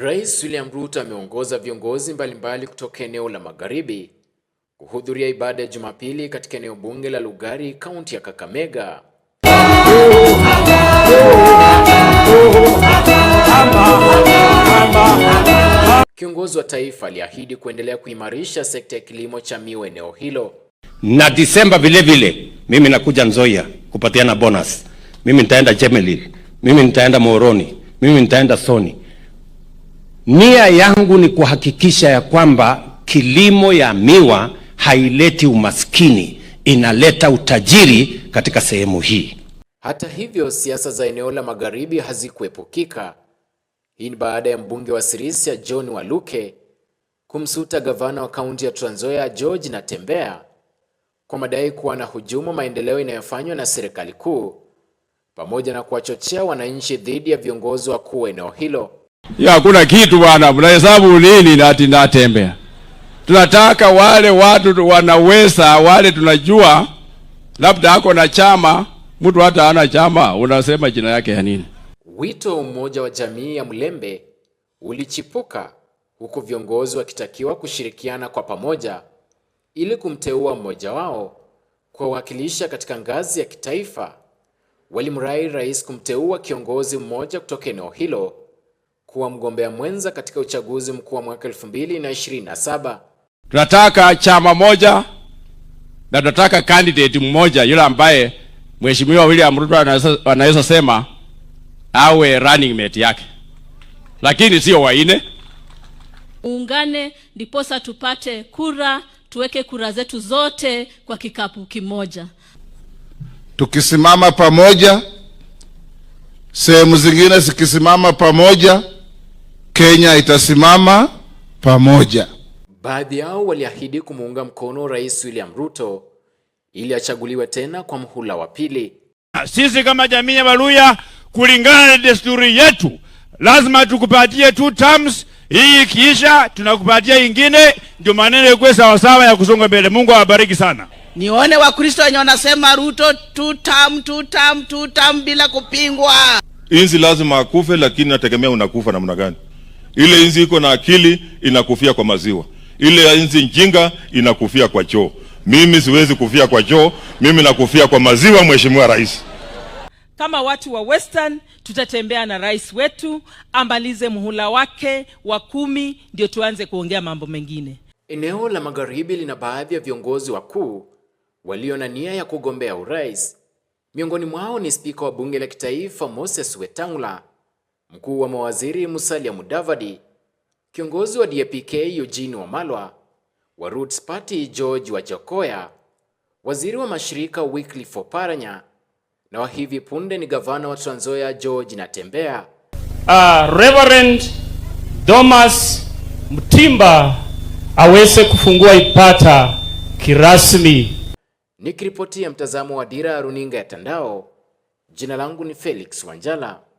Rais William Ruto ameongoza viongozi mbalimbali kutoka eneo la Magharibi kuhudhuria ibada ya Jumapili katika eneo bunge la Lugari, kaunti ya Kakamega. Kiongozi wa taifa aliahidi kuendelea kuimarisha sekta ya kilimo cha miwa eneo hilo. Na Disemba vile vile mimi nakuja Nzoia kupatiana bonus. Mimi nitaenda Chemelil, mimi nitaenda Moroni, mimi nitaenda Soni. Nia yangu ni kuhakikisha ya kwamba kilimo ya miwa haileti umaskini, inaleta utajiri katika sehemu hii. Hata hivyo, siasa za eneo la magharibi hazikuepukika. Hii ni baada ya mbunge wa Sirisia John Waluke kumsuta gavana wa kaunti ya Trans Nzoia George Natembeya kwa madai kuwa na hujumu maendeleo inayofanywa na serikali kuu pamoja na kuwachochea wananchi dhidi ya viongozi wakuu wa eneo hilo ya hakuna kitu bwana, mnahesabu nini? nati natembea. Tunataka wale watu wanaweza, wale tunajua labda ako na chama, mtu hata ana chama, unasema jina yake ya nini? Wito mmoja wa jamii ya Mlembe ulichipuka huku viongozi wakitakiwa kushirikiana kwa pamoja ili kumteua mmoja wao kuwawakilisha katika ngazi ya kitaifa. Walimrai rais kumteua kiongozi mmoja kutoka eneo hilo kuwa mgombea mwenza katika uchaguzi mkuu wa mwaka 2027. Tunataka chama moja na tunataka candidate mmoja yule ambaye Mheshimiwa William Ruto anaweza sema awe running mate yake, lakini sio waine. Uungane ndiposa tupate kura, tuweke kura zetu zote kwa kikapu kimoja. Tukisimama pamoja, sehemu zingine zikisimama pamoja Kenya itasimama pamoja. Baadhi yao waliahidi kumuunga mkono Rais William Ruto ili achaguliwe tena kwa mhula wa pili. Sisi kama jamii ya Waluya, kulingana na desturi yetu, lazima tukupatie two terms. Hii ikiisha, tunakupatia ingine, ndio maneno ikuwe sawasawa ya kusonga mbele. Mungu awabariki sana. Nione Wakristo wenye wanasema Ruto two term, two term, two term bila kupingwa. Inzi lazima akufe, lakini nategemea unakufa namna gani? Ile inzi iko na akili inakufia kwa maziwa, ile inzi njinga inakufia kwa choo. Mimi siwezi kufia kwa choo, mimi nakufia kwa maziwa, Mheshimiwa Rais. Kama watu wa Western tutatembea na rais wetu amalize muhula wake wa kumi, ndio tuanze kuongea mambo mengine. Eneo la magharibi lina baadhi ya viongozi wakuu walio na nia ya kugombea urais. Miongoni mwao ni spika wa bunge la kitaifa Moses Wetangula mkuu wa mawaziri Musalia Mudavadi, kiongozi wa DAP-K Eugene Wamalwa, wa Roots Party George Wajakoya, waziri wa mashirika Wycliffe Oparanya na wa hivi punde ni gavana wa Trans Nzoia George Natembeya. Uh, Reverend Thomas Mtimba aweze kufungua Ipata kirasmi. Nikiripotia mtazamo wa Dira ya Runinga ya Tandao, jina langu ni Felix Wanjala.